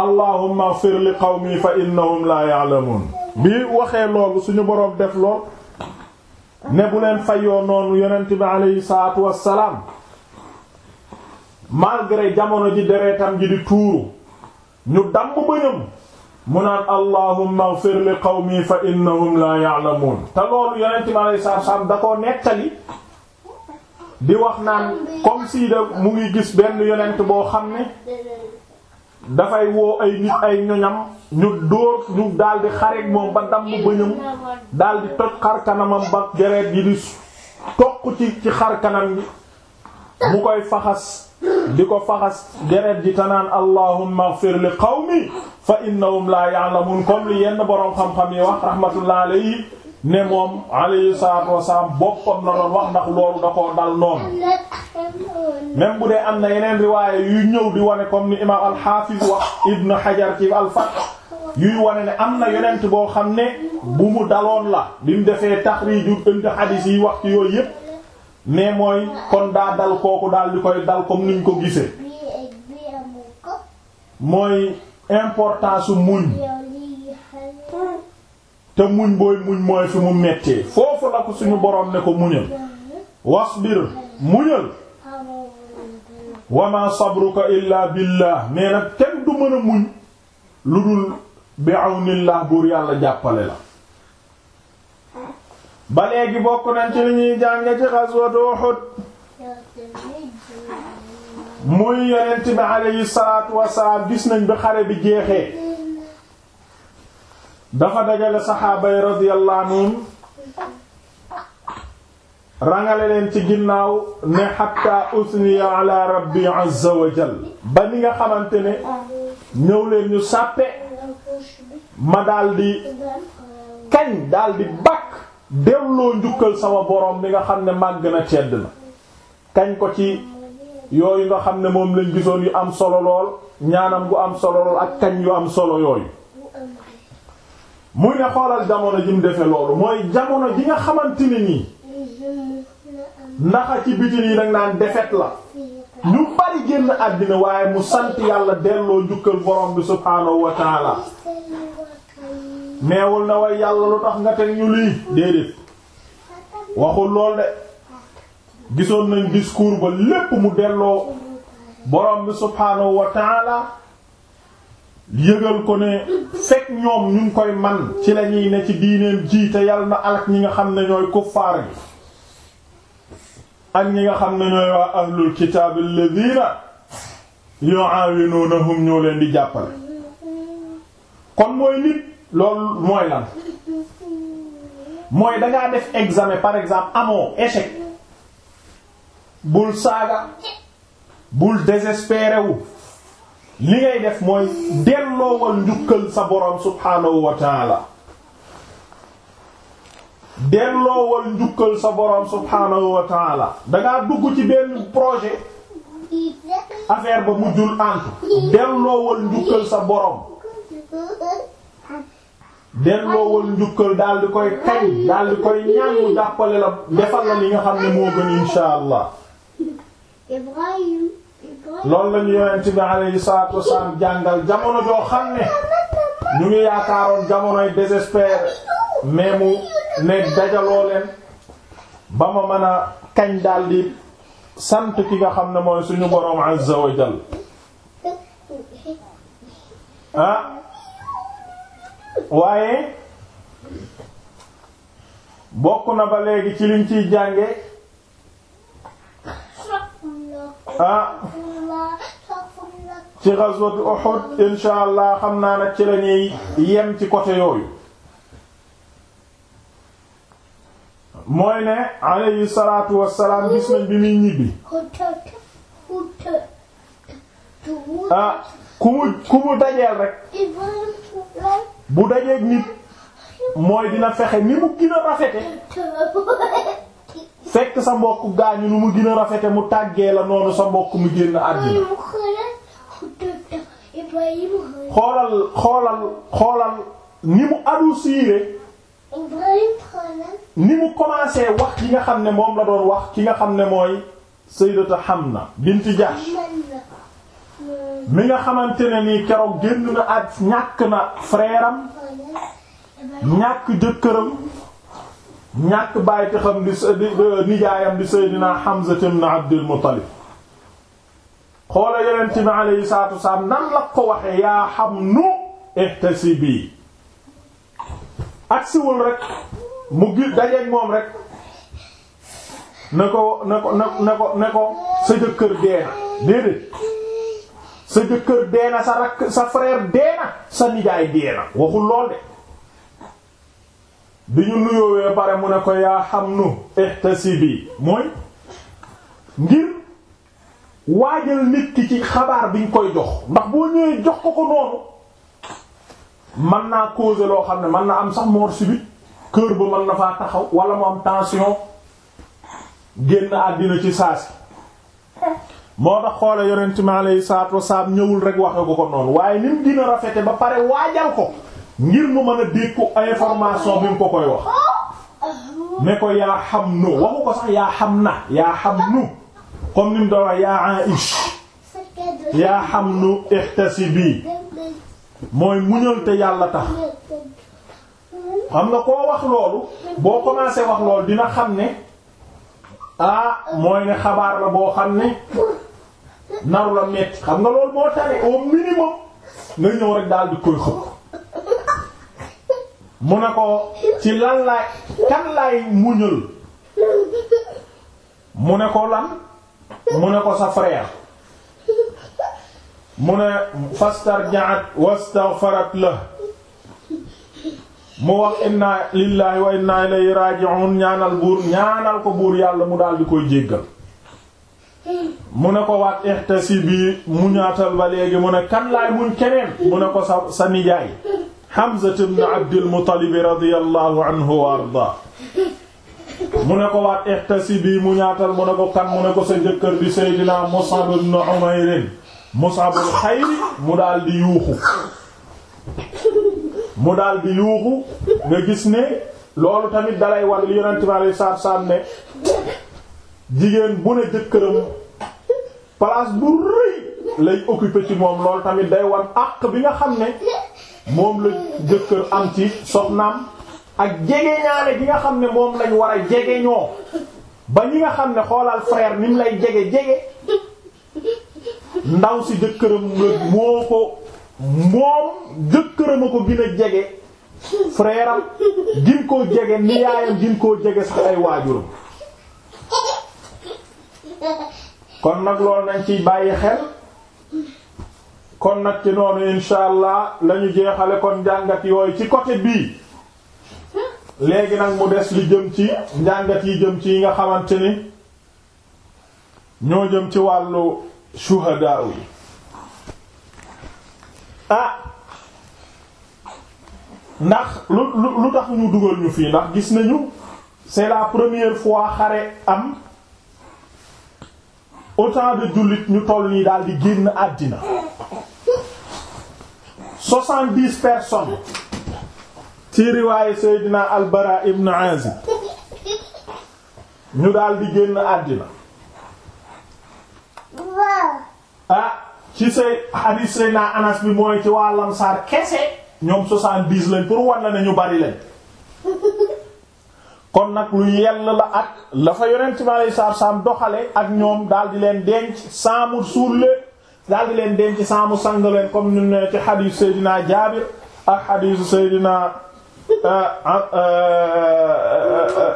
allahumma ighfir li qawmi fa innahum la ya'lamun bi waxee loolu suñu boroom def lool ne bu leen fayoo noonu yonent bi alayhi salaatu wassalaam malgré jamono ji deretam ji di tuuru ñu damm bëñam mu naan allahumma ighfir li qawmi fa innahum la ya'lamun te loolu yonent bi alayhi salaatu da koo nettali di wax naan comme si mu ngi gis benn yonent boo xam ne dafay woo ay nit ay ñoñam ñu dóor ñu daldi xareek moom ba damm bëñam daldi toj xar kanamam ba deret yi di toq ci ci xar kanam gi mu koy faxas di ko faxas deret ji tanaan allahumma ighfir li qawmi fa innahum la ya'lamun comme li yenn boroom xam-xam yi wax rahmatullah alayhi ne moom alayhi salaatu wasalaam boppam la doon wax ndax loolu da koo dal noonu même bu dee am na yeneen riwaaye yuy ñëw bi wane comme ni imaam al-Hafiz wax Ibn Hajar ci al-Fath yuy wane ne am na yonent boo xam ne bu mu daloon la bi mu defee taxriiju indi xadiis yi wax yooyu yépp ne mooy kon daa dal kooku daal di koy dal comme niñ ko gisee mooy importance su muñ te muñ booy muñ mooy fi mu mettee foofu la ko suñu boroom ne ko muñal wasbir muñal wama sabruka illa billah mais nag kenn du mën a muñ lu dul bi awnillah buur yàlla jàppale la ba léegi bokk nañ ci li ñuy jànge ci ghazwatu Uhud muy yonent bi alayhi salaatu wasalaam gis nañ bi xare bi jeexee dafa dajale saxaaba yi radiyallahu anhum rangale leen ci ginnaaw ne xatta usniya ala rabbi azza wa ba ni nga xamante ne ñëw leen ñu sàppe ma daldi kañ daldi bàkk delloo njukkal sama boroom mi nga xam ne màgg na tedd na kañ ko ci yooyu nga xam ne moom lañ gisoon yu am solo lool ñaanam gu am solo lool ak kañ yu am solo yooyu muy ne xoolal jamono ji mu defee loolu mooy jamono ji nga xamante ne nii naxa ci biti nii nag naan defet la ñu bari génn àddina waaye mu sant yàlla delloo jukkal borom bi subhaanahu wa taala neewul na way yàlla lu tax nga teg ñu lii déedéet waxul lool de gisoon nañ discours ba lépp mu delloo borom bi subhaanahu wa yëgal ko ne fekk ñoom ñu koy man ci lañuy ne ci diineem jiite yal na alak ñi nga xam ne ñooy kuffaar yi ak ñi nga xam ne ñooy waa ahlul kitaab alladhina yu'awinunahum ñoo leen di jàppale kon mooy nit loolu mooy lan mooy dangaa def examen par exemple amoo échec bul saaga bul désespéré li ngay def mooy delloowal njukkal sa boroom subhaanahu wa taala delloowal njukkal sa boroom subhaanahu wa taala dangaa dugg ci benn projet affaire ba mujjul antu delloowal njukkal sa boroom delloowal njukkal daal di koy kañ daal di koy ñaan mu la defal la li nga xam ne moo gën insha allah loolu la ñu yonent bi alayhi salaatu wasalaam jàngal jamono joo xam ne ñu ngi yaakaaroon jamonoy désespéré mais mu ne dajaloo leen ba ma mën a kañ daal sant ki nga xam ne mooy suñu boroom azza wa ah, waaye bokk na ba léegi ci liñ ciy jànge ah ci ghazwat Uhud insha allah xam naa nag ci lañuy yem ci côté yooyu mooy ne alayhi salaatu wassalaam gis nañ bi muy ñibbi ah ku mu ku mu dajeel rek bu dajeeg nit mooy dina fexe ni mu gën rafete fekk sa mbokk gaañu nu mu gën rafete mu tàggee la noonu sa mbokk mu génn àddina xoolal xoolal xoolal ni mu adouciré ni mu commencé wax ki nga xam ne moom la doon wax ki nga xam ne mooy xam na bint Jahsh mi nga xamante ne nii keroog génn na ak ñàkk na frère ñàkk jëkkëram ñàkk bàyyi te xam di nijaayam di Seydina Hamza ibn Abdul Muttalib xoola yonent bi alayhi salaatu wasalaam nan la ko waxee yaa xam nu ihtasibi agsiwul rek mu gi dajeeg moom rek ne ko ne ko ne ko sa jëkkër deena déedéet sa jëkkër deena sa rakk sa frère deena sa nijaay deena waxul lool de bi ñu nuyoo wee bare mu ne ko yaa xam nu ihtasibi mooy ngir waajal nit ki ci xabaar biñ koy jox ndax boo ñëwee jox ko ko noonu mën naa causer loo xam ne mën na am sax mort subite cœur ba mën na faa taxaw wala mu am tension génn àddina ci saa si moo tax xoole yonent mi yi salaatu wasalaam ñëwul rek waxe ko ko noonu waaye nim dina rafete ba pare waajal ko ngir mu mën a dékku information bi mu ko koy wax ne ko yaa xam nu waxu ko sax yaa xam na yaa xam nu comme ni mu doon wax yaa Aish yaa xam nu bi mooy muñal te yàlla tax xam na koo wax loolu boo commencé wax loolu dina xam ne ah mooy ne xabaar la boo xam ne naru la metti xam nga loolu moo tare au minimum nga ñëw rek daal di koy xëpp mu ne ko ci lan laay kan laay muñal mu ne ko lan mu ne ko sa frère mu ne fastarja'at wastaghfarat la mu wax inna lillahi wa inna ilayhi raji'un ñaanal buur ñaanal ko buur yàlla mu daal di koy jéggal mu ne ko waat ihtasibi muñaatal ba léegi mu ne kan laay muñ keneen mu ne ko sa sa nijaay Hamza ibn Abdil Muttalib radiyallahu anhu wa ardaa mu ne ko waat ihtasibi mu ñaatal mu ne ko kan mu ne ko sa jëkkër di Seydina Mus'ab ibn Umayr Mus'abul xayr mu daal yuuxu mu daal yuuxu nga gis ne loolu tamit dalay wan li Yonent bi alayhi salaatu salaam ne jigéen bu ne jëkkëram place bu rëy lay occupé ci moom loolu tamit day wan àq bi nga xam ne moom la jëkkër am ci soxnaam ak jege bi nga xam ne moom lañ war a jege ñoo ba ñi nga xam ne xoolal frère ni mu lay jege jege ndaw si jëkkëram la moo ko moom jëkkëram a ko gën a jege frère am gin koo jege ni yaayam gin koo jege sax ay waajuram kon nag lool nañ ciy bàyyi xel kon nag ci noonu insha allah la ñu jeexale kon njàngat yooyu ci côté bii léegi nag mu des li jëm ci njàngat yi jëm ci yi nga xamante ni ñoo jëm ci wàllu shuhadaa yi ah ndax lu lu tax ñu dugal ñu fii ndax gis nañu c'est la première fois xare am autant de jullit ñu toll nii daal di génn àddina soixante-dix personnes ci riwaaye Seydina Al-Bara ibn Azib ñu daal génn àddina ah ci say hadith Seydina Anas bi mooy ci waa Ansaar kese ñoom soixante-dix lañ pour wan na ñu bari lañ kon nag lu yell la ak la fa yonent bi alayhi doxale ak ñoom daal di leen denc sans mu suulle daal leen denc saamu sang leen comme ni ne ci xadiis Seydina Jaabir ak xadiis Seydina euh, euh, euh,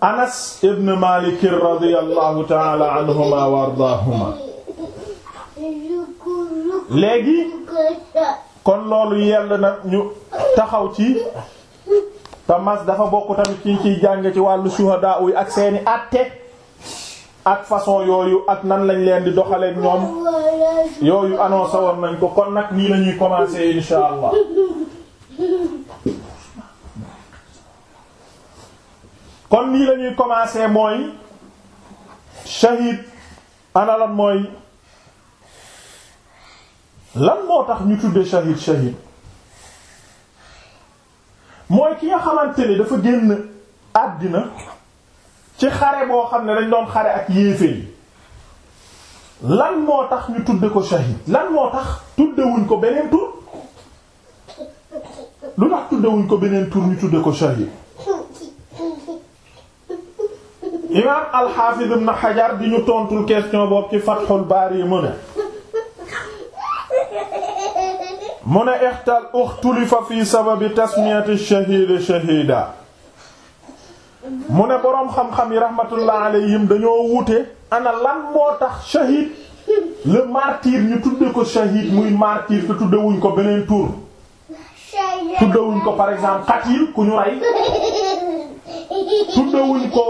Anas ibn Malik radiyallahu ta'ala anhuma wa ardaahuma léegi kon loolu yell na ñu taxaw ci tamas dafa bokk tamit ci ciy jàng ci wàllu shuhadaa ak seeni àtte ak façon yooyu ak nan lañ leen di doxalee ñoom yooyu annoncé woon nañ ko kon nag nii lañuy commencer insha allah kon nii lañuy commencer mooy shahid ana mooy lan moo tax ñu tuddee shahid shahid mooy ki nga xamante ne dafa génn àddina ci xare boo xam ne dañ doon xare ak yéeféer yi lan moo tax ñu tudde ko shahid lan moo tax tuddewuñ ko beneen tur ko beneen tur ñu tudde ko shahid imaam al-Hafiz ibn Hajar di ñu tontul question boobu ci Fathul Bari mu ne mu ne ixtal uxtulifa fi sababi tasmiyati shahid shahida mu ne boroom xam-xam yi rahmatullah alayhim dañoo wute ana lan moo tax shahid le martyr ñu tudde ko shahid muy martyr te tuddewuñ ko beneen tur tuddewuñ ko par exemple qatil ku ñu rey tuddewuñ ko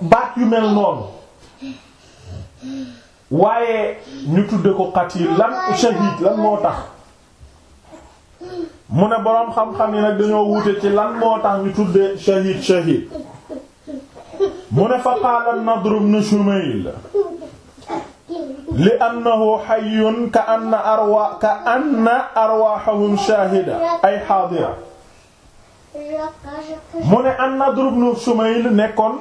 baat yu mel noonu waaye ñu tudde ko qatil lan shahid lan moo tax mu ne boroom xam-xam yi nag dañoo wute ci lan moo tax ñu tudde shahid shahid mu ne fa qaala an-Nadr ibn Shumayl li annahu hayyun ka anna arwa ka anna arwaahahum shaahida ay haadira mu ne an-Nadr ibn Shumayl nekkoon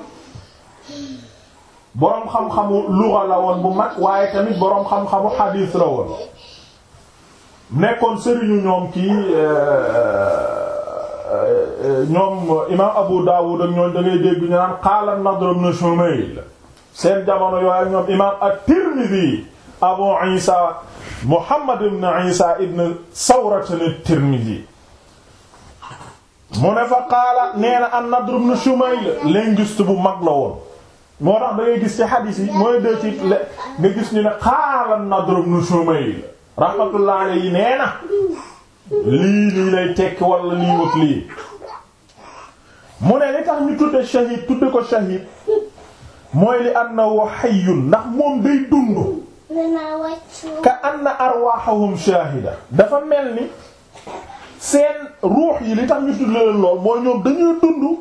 boroom xam-xamu luga la woon bu mag waaye tamit boroom xam-xamu xadiis la woon nekkoon sëriñu ñoom kii euh, euh, ñoom imam Abu Dawud ak ñoom da ngay dégg ñu naan qaala Nadr ibn Shumayl seen jamono yooyu ñoom imam at-Tirmidhi Abu Isa Muhammad ibn Isa ibn Sawrat at-Tirmidhi mu ne fa qaala nee na an Nadr ibn Shumayl linguiste bu mag la woon moo tax da ngay gis ci Shumayl rahmatullahi alayhi nee lii lii lay tekki wala lii wut lii mu ne li tax ñu tudde shahid tudde ko shahid mooy li annahu hayyun ndax moom day dund ka anna arwaahahum shahida dafa mel ni seen ruux yi li tax ñu tudd leen lool mooy ñoom dañuy dund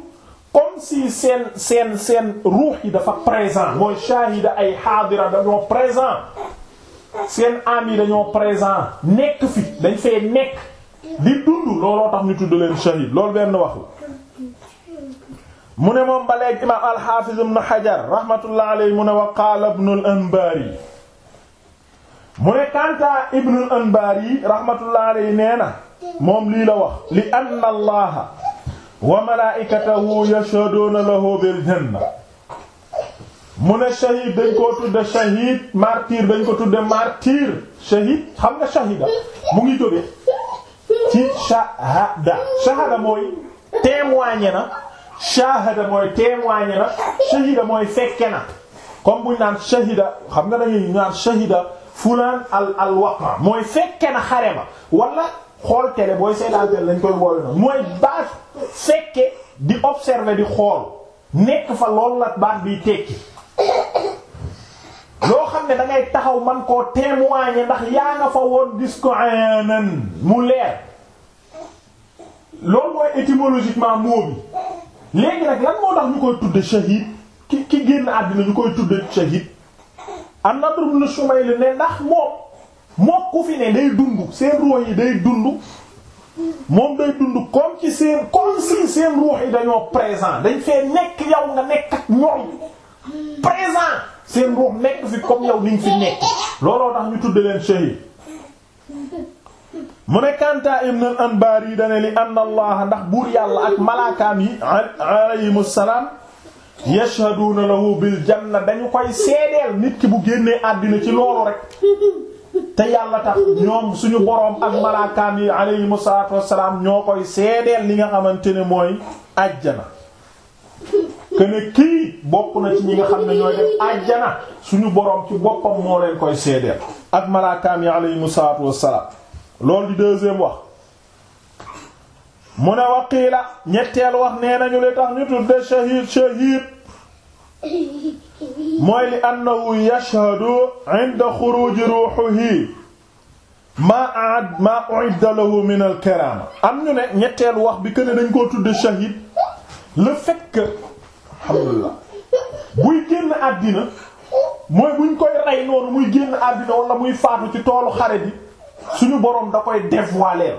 comme si seen seen seen ruux yi dafa présent mooy shahida ay xaadira dañoo présent seen âme yi dañoo présent nekk fi dañ fee nekk di dund looloo tax ñu tudd leen shahid loolu benn wax mu ne moom ba imaam alxaafiz ibn Hajar rahmatullah alayhi mu ne wa qaala ibn al-Anbari mu ne Kanta ibn al-Anbari rahmatullah nee na moom lii la wax li anna Allaha wa malaa'ikatahu yashhaduuna lahu bil janna mu ne shahid dañ koo tudde shahid martyr dañ ko tudde martyr shahid xam nga shahida mu ngi jóge ci shahada shahada mooy témoigner na. shahada mooy témoigné na shahida mooy fekke na comme buñ naan shahida xam nga dañuy naan shahida fulaan al al waqa mooy fekke na xare ba wala xool télé booy seetaan lañ koy woowe noonu mooy baat fekke di observer di xool nekk fa loolu la baat biy tekki loo xam ne da taxaw man koo témoigner ndax yaa nga fa woon gis ko anan mu leer loolu mooy étymologiquement mot léegi nag lan moo tax ñu koy tudde shahid ki ki génn àddina ñu koy tudde shahid an-Nadr ibn Shumayl ne ndax moom moom ku fi ne day dund seen ruux yi day dund moom day dund comme ci seen comme si seen ruux yi dañoo présent dañ fee nekk yow nga nekk ak ñoom présent seen ruux nekk fi comme yow ni ñu fi nekk looloo tax ñu tudde leen shahid mu ne Kantaa ibn al-Anbar yi dane li anna allah ndax buur yàlla ak malaakaam yi alayhimu salaam yashhaduuna lahu bil janna dañu koy seedeel nit ki bu génnee àddina ci loolu rek te yàlla tax ñoom suñu boroom ak malaakaam yi alayhimu salaatu wassalaam ñoo koy seedeel li nga xamante ne mooy àjjana kene kii bokk na ci ñi nga xam ne ñooy def suñu boroom ci boppam moo leen koy seedeel ak malaakaam yi alayhimu salaatu wassalaam loolu di deuxième wax mu ne waqiila ñetteel wax nee nañu li tax ñu tudde shahid shahid mooy li annahu yashhadu inda xuruji ruuhihi maa aad maa uidda min al am ñu ne ñetteel wax bi que dañ koo tudde shahid le fait que buy génn àddina mooy buñ koy rey noonu muy génn àddina wala muy faatu ci toolu xare bi suñu boroom da koy dévoiler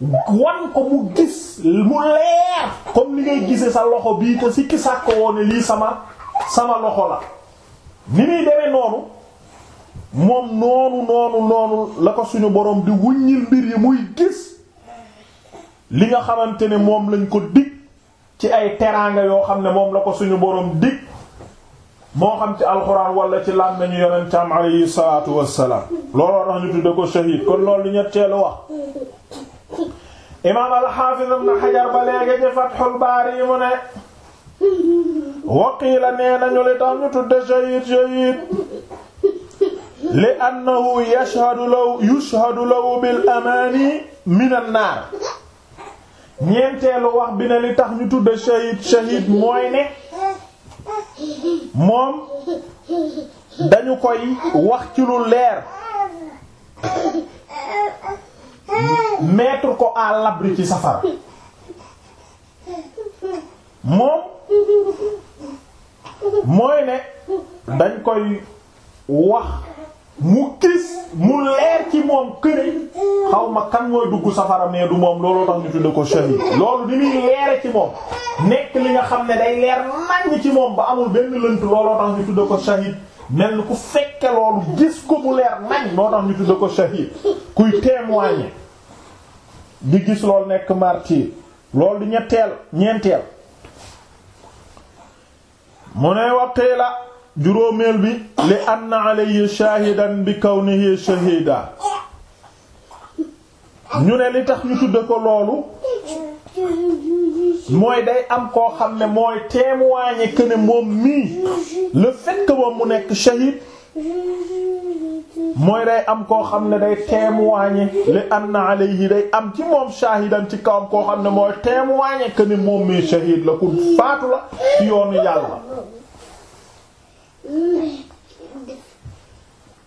wan ko mu gis mu leer comme ni ngay gisee sa loxo bii te si ki sàkk woon lii sama sama loxo la ni muy demee noonu moom noonu noonu noonu la ko suñu boroom di wuññil mbir yi muy gis li nga xamante ne moom lañ ko dig ci ay teraanga yoo xam ne moom la ko suñu boroom dig moo xam ci alxuraan wala ci làmmiñu yonentam alayhi salaatu wassalaam looloo tax ñu tudde ko shahiid kon loolu li ñetteelu wax imaam alxaafiz ibn xajar ba léegi ci fatxul baari mu ne waqiila nee nañu li tax ñu tudde shahiid shahiid li annahu yashhadu law yushhadu bil amaani minan naar ñeenteelu wax bi ne li tax ñu tudde shahiid shahiid mooy ne moom dañu koy wax ci lu leer mettre ko à l'abri ci safara moom mooy ne dañ koy wax mu gis mu leer ci moom këriñ xaw ma kan mooy dugg safara mais moom looloo tax ñu tudde ko shahid loolu ni muy leere ci moom nekk li nga xam ne day leer naññ ci moom ba amul benn lënt looloo tax ñu tudde ko shahid mel ni ku fekke loolu gis ko mu leer nañ noo tax ñu tudde ko shahid kuy témoigner di gis loolu nekk martyr loolu di ñetteel ñeenteel mu ne waxtee la juróomeel bi li anna alayhi shahidan bi kaw kawnihi shahida ñu ne li tax ñu tudd ko loolu mooy day am koo xam ne mooy témoigner que ne moom mii le fait que mu nekk shahid mooy day am koo xam ne day témoigner li anna alayhi day am ci moom shahidan ci kawam koo xam ne mooy témoigner que ne moom mii shahid la ku faatu la ci yoonu yàlla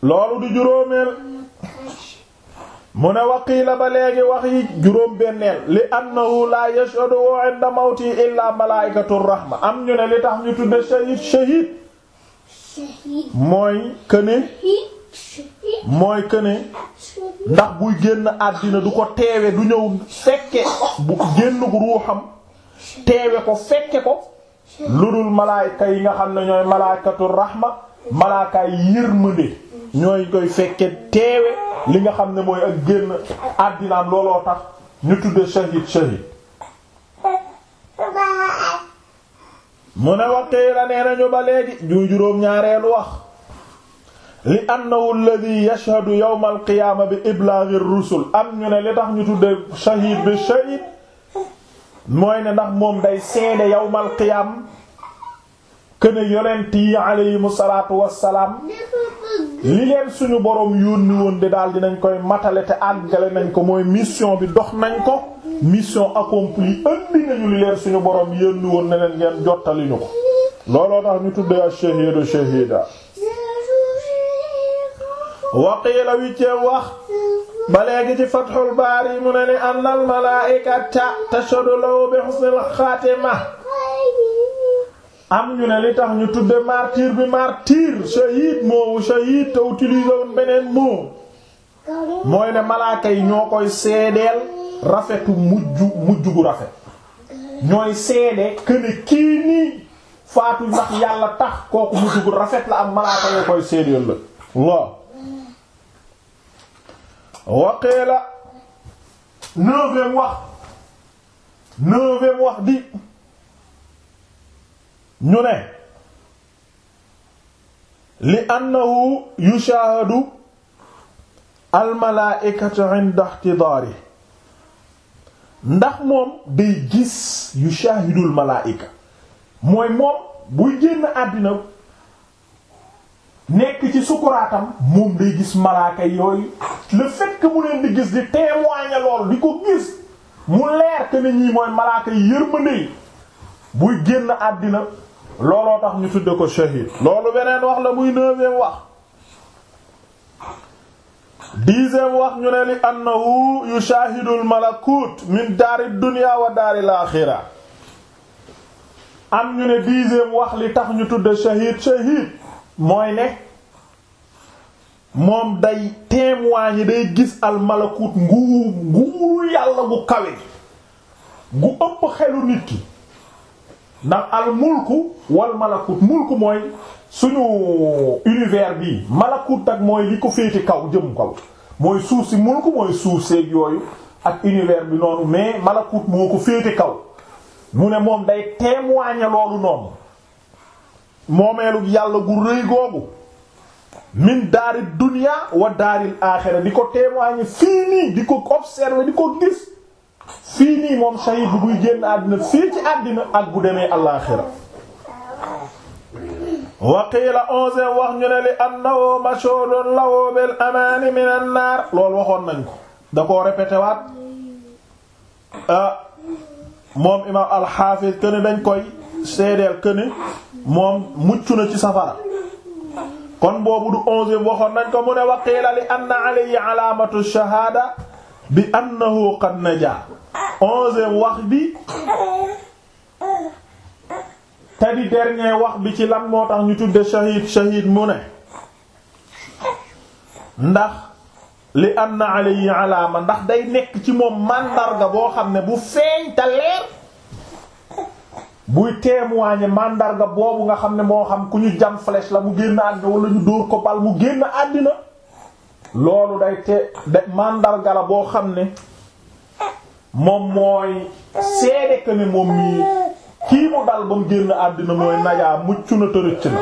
loolu di juróomeel mu ne waqiila ba léegi wax yi juróom benneel li annahu la yashhadu inda mawti illa malaa'ikatu rahma am ñu ne li tax ñu tudde shahid shahid mooy këne mooy këne ndax buy génn àddina du ko teewe du ñëw fekke bu génn ruuxam teewe ko fekke ko lu dul malaayka yi nga xam ne ñooy malaaykatul rahma malaakaay yërmande ñooy koy fekke teewe li nga xam ne mooy ak génn àddinaam looloo tax ñu tudde shahid shahid mu ne waxtey la nee nañu ba léegi ju juróom ñaareelu wax li annahu alladhi yashhadu yawm al qiyaama bi iblaaghir rusul am ñu ne li tax ñu tudde shahid bi shahid mooy ne ndax moom day seede yawmal qiyaam këne yonent yi aleyhimu salaatu wassalaam li leen suñu borom yónni woon di daal dinañ koy matale te àggale nañ ko mooy mission bi dox nañ ko mission accomplie indi nañu li leen suñu borom yónni woon ne leen ngeen jottali ko looloo tax ñu tuddee ash-shahidu shahida wa qiila wi wax ba léegi ci Fathul Baari mu ne ni annal malaa'ikata tashhadu lahu bi husnil xaatima am ñu ne li tax ñu tudde martyr bi martyr shahid moomu shahid te utilisé woon beneen mot mooy ne malaaka yi ñoo koy seedeel rafetu mujj mujj gu rafet ñooy seede këne kii nii faatu ndax yàlla tax kooku mujj gu rafet la am malaaka yoo koy seedeel la waqila neuvième wax neuvième wax di ñu ne li annahu yushaahadu almalaaikatu inda ihtidaari ndax moom day gis yushaahidu almalaaika mooy moom buy génn àddina nekk ci sukuraatam moom day gis malaaka yooyu le fait mu leen di gis di témoigner lool di ko gis mu leer que ne mooy malaaka yi yërmande yi buy génn àddina looloo tax ñu tudde ko shahid loolu beneen wax la muy neuvième wax dixième wax ñu ne li yu yushahidul malakut min daari dunya wa daaril axira am ñu ne dixième wax li tax ñu tudde shahid shahid mooy ne moom day témoigner day gis almalakut nguur nguuru yàlla gu kawe gu ëpp xelu nit ki ndax al mulku wal malakut mulku mooy suñu univers bi malakut ak mooy li ko féete kaw jëm kaw mooy suuf si mulku mooy suuf seeg yooyu ak univers bi noonu mais malakut moo ko féete kaw mu ne moom day témoigner loolu noonu moomeelu yàlla gu rëy googu min daari dunia wa daaril aaxira di ko témoigner fii nii di ko observer di ko gis fii nii moom shahid bu buy génn àddina fii ci àddina ak bu demee alaaxira waqiila onze wax ñu ne li annahu mashhudun lahu bil amaani min an-naar loolu waxoon nañ ko da koo répété waat ah, moom imaam alxaafis këni dañ koy seedeel këni moom mucc na ci safara kon boobu du onzième waxoon nañ ko mu ne waqiila li anna alayhi alaamatu shahaada bi annahu qad najaa onzième wax bi te di dernier wax bi ci lan moo tax ñu tudde shahid shahid mu ne ndax li anna alayhi alaama ndax day nekk ci moom màndarga boo xam ne bu feeñ leer buy témoigner màndarga boobu nga xam ne moo xam ku ñu jam flèche la mu génn àddina wala ñu dóor ko bal mu génn àddina loolu day te da la boo xam ne moom mooy seede que ne moom mii kii mu dal ba génn àddina mooy najaa mucc na te rëcc na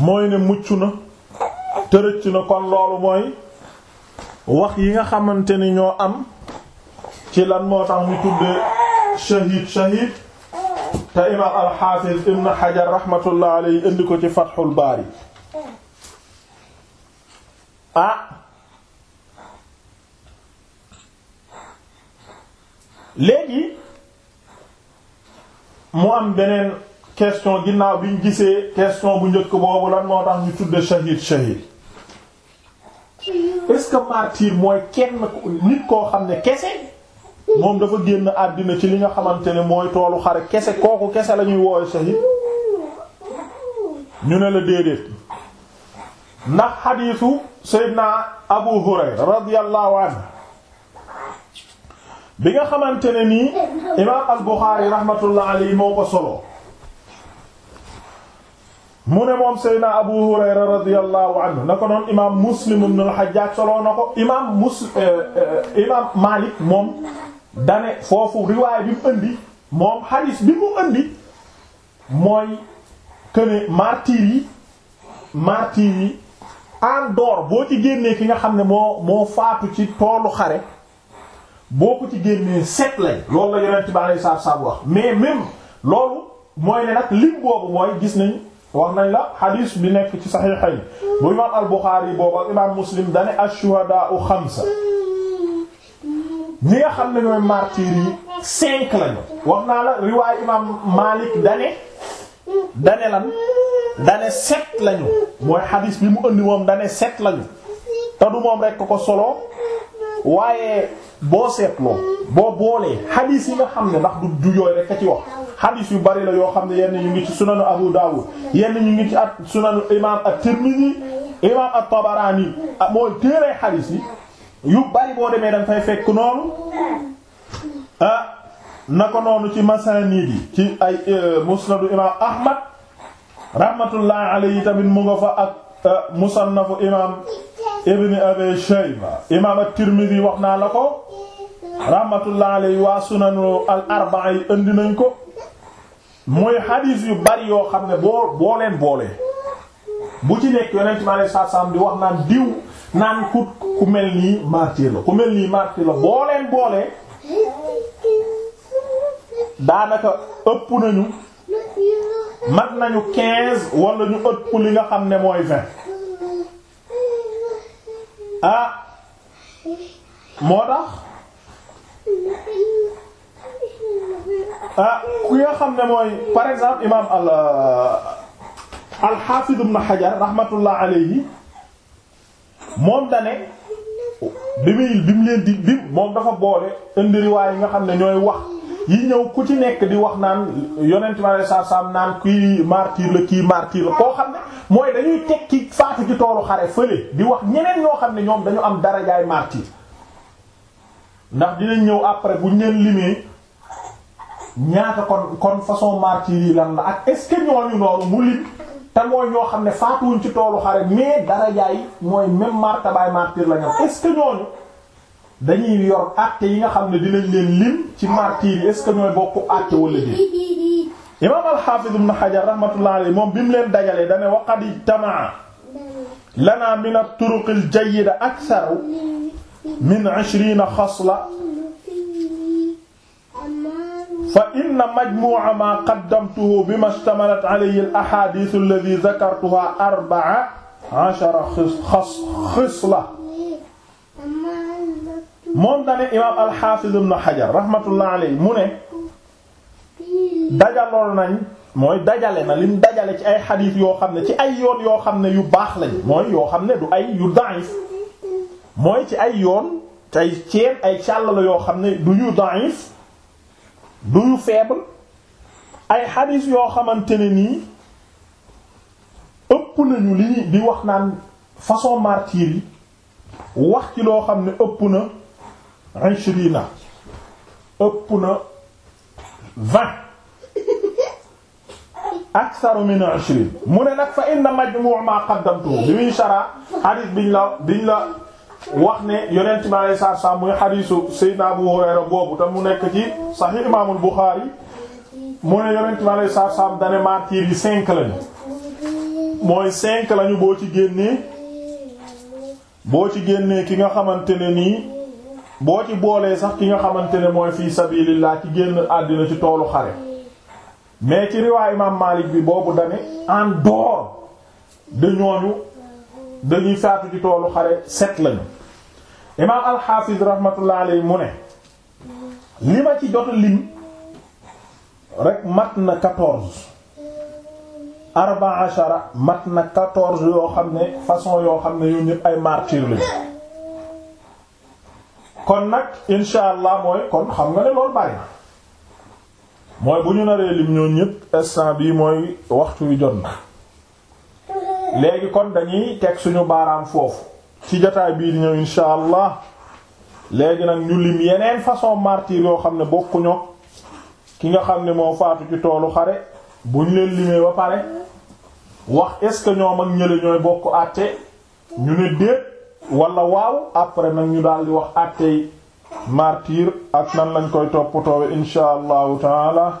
mooy ne mucc na te na kon loolu mooy wax yi nga xamante ni ñoo am ci lan moo tax ñu tuddee shahid shahid te imaam alxaafiz ibn xajar rahmatullah alayhi indi ko ci baari ah léegi mu am beneen question ginnaaw bi ñu gisee kestion bu njëkk boobu lan moo tax ñu tuddee shahid shahid est-ce que martyr mooy kenn nit koo xam ne kese moom dafa génn àddina ci li nga xamante ne mooy toolu xare kese kooku kese lañuy ñuy woowe shahid ñu ne la déedéet ndax xadiisu Seydina Abu Hurayra radiyallahu anhu bi nga xamante ne nii imaam al-Bukhari rahmatullah alayhi moo ko solo mu ne moom Seydina Abu Hurayra radiyallahu anhu na ko noon imaam Muslim ibn al-Hajjaj solo na ko imaam Muslim eh, eh, imaam Malik moom dane foofu riwaay bi mu indi moom hadis bi mu indi mooy këne martyr yi martyr yi en dehors boo ci génnee ki nga xam ne moo moo faatu ci toolu xare boo ko ci génnee sept lay loolu la yonent bi alayhi salaatu salaam wax mais même loolu mooy ne nag lim boobu mooy gis nañ wax nañ la hadis bi nekk ci saxiixayn bu imaam al Buxaari boobu ak imaam Muslim dane ash-shuhadaa'u xamsa ñi nga xam ne ñooy martyr yi cinq lañu wax naa la riwaay imam Malik dane dane lan dane sept lañu mooy xadiis bi mu indi moom dane sept lañu te du moom rekk ko solo waaye boo seetloo boo boolee xadiis yi nga xam ne ndax du du yooyu rekk ci wax xadiis yu bari la yoo xam ne yenn ñu ngi ci sunanu Abu daawu yenn ñu ngi ci at sunanu imam at-Tirmidhi imam at-Tabarani ah, mooy téere xadiis yi yu bari boo demee danga fay fekk noonu ah, na ko noonu ci masanid yi ci ay eh, musnadu imaam ahmad rahmatullah alayhi tamit mu nga fa ak eh, musannafu imaam ibn abi shayba imaam at-tirmidhi wax naa la ko rahmatullah alayhi waa sunanu al arba'a yi indi nañ ko mooy hadith yu bari yoo xam ne boo boo leen boolee bu ci nekk yonent mi alayhi salaam di wax naan diw naan ku ku mel nii martyr la ku mel nii martyr boo leen boolee daanaka ëpp nañu mat nañu quinze wala ñu ëpp li nga xam ne mooy vingt ah moo tax ah ku nga xam ne mooy par exemple imam al euh, al-Hafiz ibn Hajar rahmatullah yi moom dane bi muy bi mu leen di bi moom dafa boole indi riwaay yi nga xam ne ñooy wax yi ñëw ku ci nekk di wax naan yonent bi alayhi salaatu naan kii martyr la kii martyr la koo xam ne mooy dañuy teg ki faatu ci toolu xare fële di wax ñeneen ñoo xam ne ñoom dañu am darajaay martyr ndax dinañ ñëw après buñ leen limee ñaata kon kon façon martyr yi lan la ak est-ce que noonu mu lim te mooy ñoo xam ne faatuwuñ ci toolu xare mais dara jaay mooy même martabaay martyr la ñam est-ce que ñooñu dañuy yor acte yi nga xam ne dinañ leen lim ci martyr yi est-ce que ñooy bokk acte wala déet. imaam al-Hafiz ibn rahmatullah alayhi moom bi mu leen dajalee da ne wa qad ijtama'a lana min at-turuq al-jayyida akthar min 20 fa inna majmuuca maa qaddamtuhu bimaa ishtamalat alayhi al-ahaadiis allatii dakartuhaa arbaca ashara xisla moom dane imaam al-Haafiz ibn Hajar rahmatullahi alayhi mu ne dajalool nañ mooy dajale na lim dajale ci ay xadiis yoo xam ne ci ay yoon yoo xam ne yu baax lañ mooy yoo xam ne du ay yu da'if mooy ci ay yoon tey ceen ay càll la yoo xam ne du yu da'if duñu faible ay xadiis yoo xamante ne nii ëpp nañu li di wax naan façon martyr yi wax ci loo xam ne ëpp na ishrina ëpp na vingt aktharu min ishrin mu ne nag fa inna majmu' ma qaddamtu bi muy shara xadiis biñ la biñ la wax ne yonent bi alayhi salaatu salaam muy xadiisu Seydina Abu Hurayra boobu te mu nekk ci Sahih Imaamul Buxaari mu ne yonent bi alayhi salaatu salaam dane martyrs yi cinq lañu mooy cinq lañu boo ci génnee boo ci génnee ki nga xamante ne nii boo ci boolee sax ki nga xamante ne mooy fii sabilillah ci génn àddina ci toolu xare mais ci riwaay Imaam Maalik bi boobu dane en dehors de dañuy faatu ci toolu xare set lañu imaam alxaafis rahmatullah alayhi mu ne li ma ci jot lim rek mat na quatorze arba ashara mat na quatorze yoo xam ne façon yoo xam ne yu ñëpp ay martyr lañu kon nag insha allah mooy kon xam nga ne loolu bari mooy bu ñu naree lim ñoo ñëpp instant bi mooy waxtu wi jot na léegi kon dañuy teg suñu baaraam foofu ci jotaay bii di ñëw insha allah léegi nag ñu lim yeneen façon martyr yoo xam ne bokkuñoo ki nga xam ne moo faatu ci toolu xare buñ leen limee ba pare wax est-ce que ñoom ak ñële ñooy bokk àtte ñu ne déet wala waaw après nag ñu daal di wax àtte martyr ak nan lañ koy toppatoowe insha allahu taala